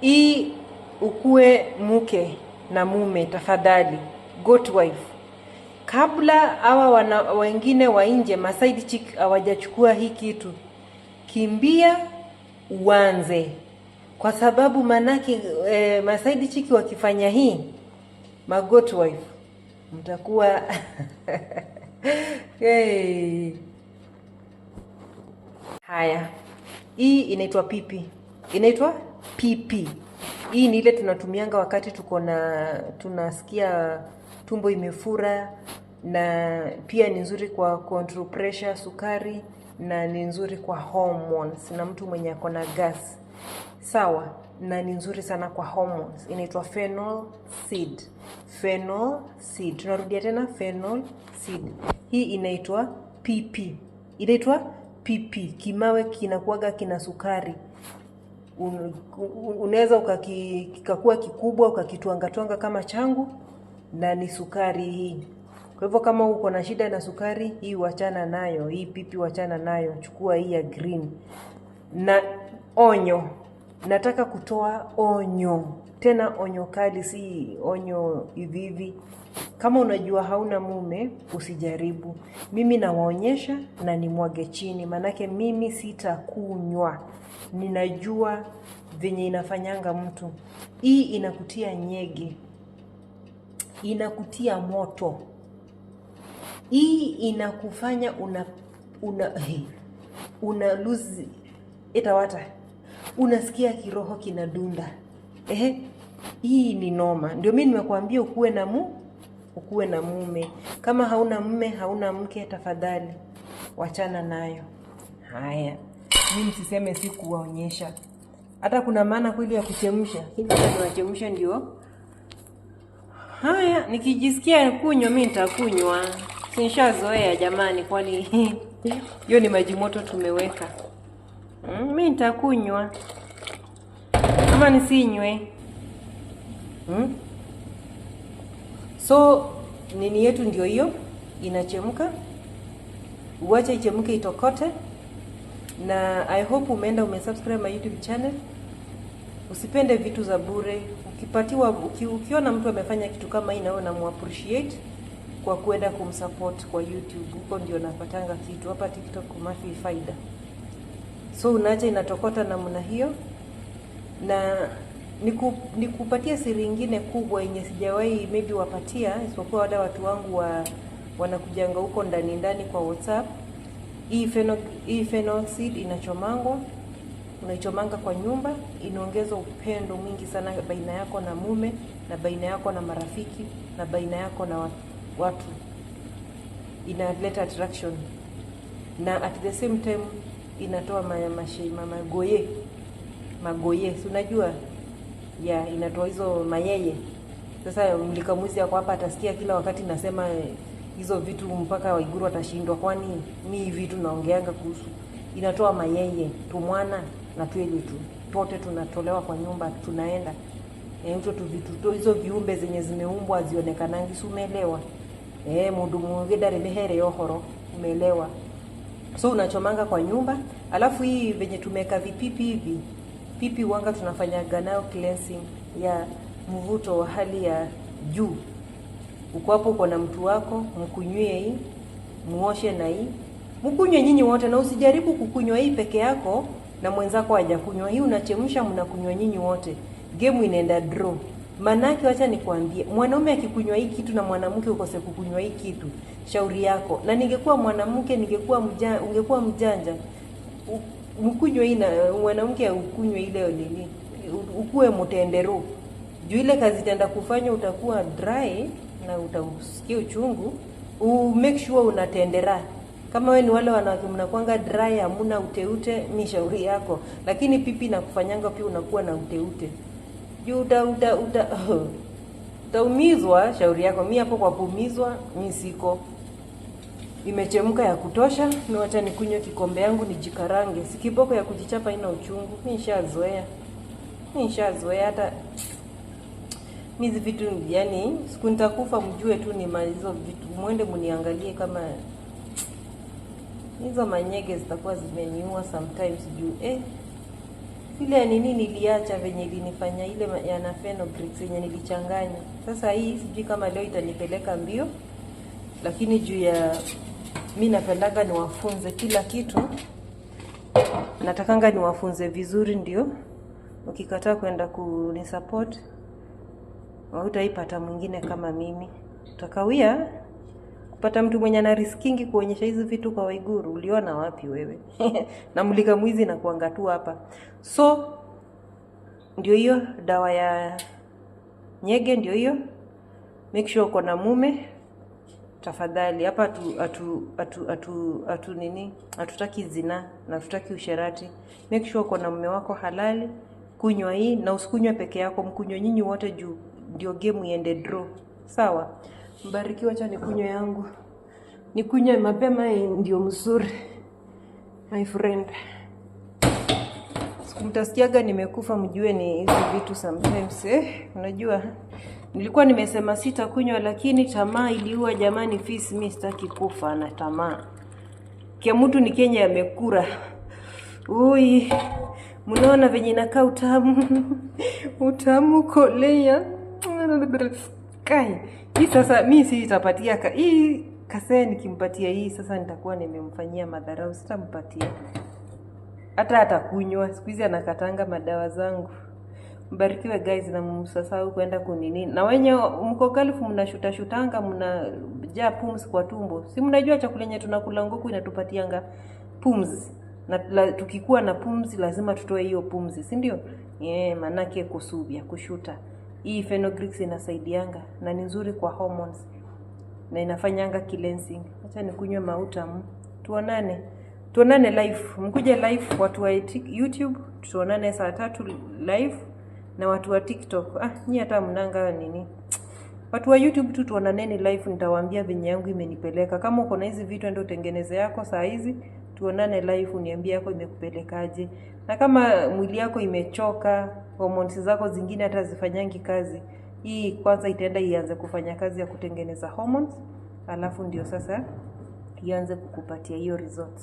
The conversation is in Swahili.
hii ukuwe mke na mume, tafadhali goat wife. Kabla hawa wengine wa nje masaidi chik hawajachukua hii kitu, kimbia uanze, kwa sababu manake e, eh, masaidi chiki wakifanya hii goat wife mtakuwa hey. Haya, hii inaitwa pipi, inaitwa PP. Hii ni ile tunatumianga wakati tuko na tunasikia tumbo imefura, na pia ni nzuri kwa control pressure, sukari na ni nzuri kwa hormones na mtu mwenye ako na gas. Sawa, na ni nzuri sana kwa hormones. Inaitwa fennel seed. Fennel seed. Tunarudia tena fennel seed. Hii inaitwa PP. Inaitwa PP. Kimawe kinakuaga kina sukari unaweza ukakikakua kikubwa ukakitwangatwanga kama changu, na ni sukari hii. Kwa hivyo kama uko na shida na sukari hii, wachana nayo, hii pipi wachana nayo, chukua hii ya green. Na onyo, nataka kutoa onyo tena, onyo kali, si onyo hivi hivi. Kama unajua hauna mume usijaribu. Mimi nawaonyesha na nimwage chini, maanake mimi sitakunywa. Ninajua venye inafanyanga mtu. Hii inakutia nyege, inakutia moto, hii inakufanya una una hey, una lose itawata, unasikia kiroho kinadunda. Ehe, hii ni noma. Ndio mimi nimekuambia ukuwe na mu ukuwe na mume. Kama hauna mume, hauna mke, tafadhali wachana nayo. Haya, mi msiseme si kuwaonyesha, hata kuna maana kweli ya kuchemsha, niwachemsha ndio. Haya, nikijisikia kunywa mi nitakunywa, sinshazoea jamani, kwani hiyo ni maji moto tumeweka. Mm, mi nitakunywa kama nisinywe? Mm? So nini yetu ndio hiyo inachemka, uwache ichemke itokote. Na I hope umeenda umesubscribe my YouTube channel. Usipende vitu za bure. Ukipatiwa uki, ukiona mtu amefanya kitu kama hii, nawe namu appreciate kwa kuenda kumsupport kwa YouTube. Huko ndio napatanga kitu, hapa TikTok kumafi faida. So unaacha inatokota namna hiyo na Nikupatie ni siri ingine kubwa yenye sijawahi maybe wapatia, isipokuwa wada watu wangu wa wanakujanga huko ndani ndani kwa WhatsApp. Hii feno, hii feno seed inachomangwa, unaichomanga kwa nyumba, inaongeza upendo mwingi sana baina yako na mume na baina yako na marafiki na baina yako na watu, inaleta attraction na at the same time inatoa magoye magoye, si unajua ya inatoa hizo mayeye. Sasa mlikamuzi ako hapa atasikia kila wakati nasema hizo vitu mpaka Waiguru atashindwa, kwani mi hivi tu naongeanga kuhusu inatoa mayeye tumwana na tweli tu pote tunatolewa kwa nyumba tunaenda mtu eh, tu vitu hizo viumbe zenye zimeumbwa zionekanangi, si umeelewa? Eh, mundu mwingi dari mehere yohoro, umeelewa? So unachomanga kwa nyumba, alafu hii venye tumeka vipipi hivi pipi wanga tunafanyaga nayo cleansing ya mvuto wa hali ya juu. Uko hapo, uko na mtu wako, mkunywie hii, muoshe na hii, mkunywe nyinyi wote, na usijaribu kukunywa hii peke yako na mwenzako hajakunywa hii, unachemsha mnakunywa nyinyi wote, game inaenda draw. Manake wacha nikwambie, mwanaume akikunywa hii kitu na mwanamke ukose kukunywa hii kitu, shauri yako. Na ningekuwa mwanamke, ningekuwa mjanja, ungekuwa mjanja mkunywe ina mwanamke ukunywe ile nini, ukuwe mtendero juu ile kazi itaenda kufanya, utakuwa dry na utausikia uchungu. U make sure unatendera. Kama we ni wale wanawake mnakwanga dry, hamuna uteute, ni shauri yako, lakini pipi na kufanyanga pia unakuwa na uteute juu uta, uta, uta, utaumizwa. Shauri yako. Mi hapo kwa kuumizwa misiko siko imechemka ya kutosha, ni wacha nikunywe kikombe yangu nijikarange. Si kiboko ya kujichapa ina uchungu, mi nishazoea, mi nishazoea hata hizi vitu yani, siku nitakufa mjue tu ni malizo vitu, mwende mniangalie kama hizo manyege zitakuwa zimeniua sometimes juu eh, ile nini niliacha venye ilinifanya ile ya Nafenobrix yenye nilichanganya. Sasa hii sijui kama leo itanipeleka mbio, lakini juu ya mi napendaga niwafunze kila kitu, natakanga niwafunze vizuri, ndio ukikataa kwenda kunisupport hautaipata mwingine kama mimi. Utakawia kupata mtu mwenye riskingi kuonyesha hizi vitu kwa Waiguru. Uliona wapi wewe? na mwizi na tu hapa. So ndio hiyo dawa ya nyege, ndio hiyo. Make sure uko na mume tafadhali hapa atu, atu, atu, atu, atu nini, hatutaki zina na hatutaki usherati. Make sure uko na mume wako halali, kunywa hii na usikunywe peke yako, mkunywe nyinyi wote juu ndio game iende draw. Sawa, mbarikiwa. Acha nikunywe yangu, nikunywa mapema ndio mzuri, my friend. mtasikiaga nimekufa, mjue ni hizi vitu sometimes, eh, unajua Nilikuwa nimesema sitakunywa, lakini tamaa iliua. Jamani fisi, mi sitaki kufa na tamaa. kia mtu ni Kenya amekura ui, mnaona venye nakaa utamu utamu kolea kai hii sasa, mi itapatia ka hii kasee, Nikimpatia hii sasa, nitakuwa nimemfanyia madharau, sitampatia hata atakunywa. Siku hizi anakatanga madawa zangu. Mbarikiwe guys, na msasau kwenda kunini. Na wenye mko Gulf mnashuta shutanga mnajaa pums kwa tumbo, si mnajua chakula yenye tunakula nguku inatupatianga pums na la, tukikuwa na pums lazima tutoe hiyo pums si ndio? Yeah, manake kusubia kushuta. Hii fenugreek inasaidianga na ni nzuri kwa hormones na inafanyanga cleansing. Acha nikunywe mauta. Mm. Tuonane, tuonane live, mkuje live watu wa YouTube, tuonane saa tatu live na watu wa TikTok. Ah, nyie hata mnanga nini? Watu wa YouTube tu tuonaneni live, nitawaambia venye yangu imenipeleka. Kama uko na hizi vitu, ndio tengeneze yako saa hizi, tuonane live, uniambie yako imekupelekaje. Na kama mwili yako imechoka, hormones zako zingine hata zifanyangi kazi, hii kwanza itaenda ianze kufanya kazi ya kutengeneza hormones, alafu ndio sasa ianze kukupatia hiyo results.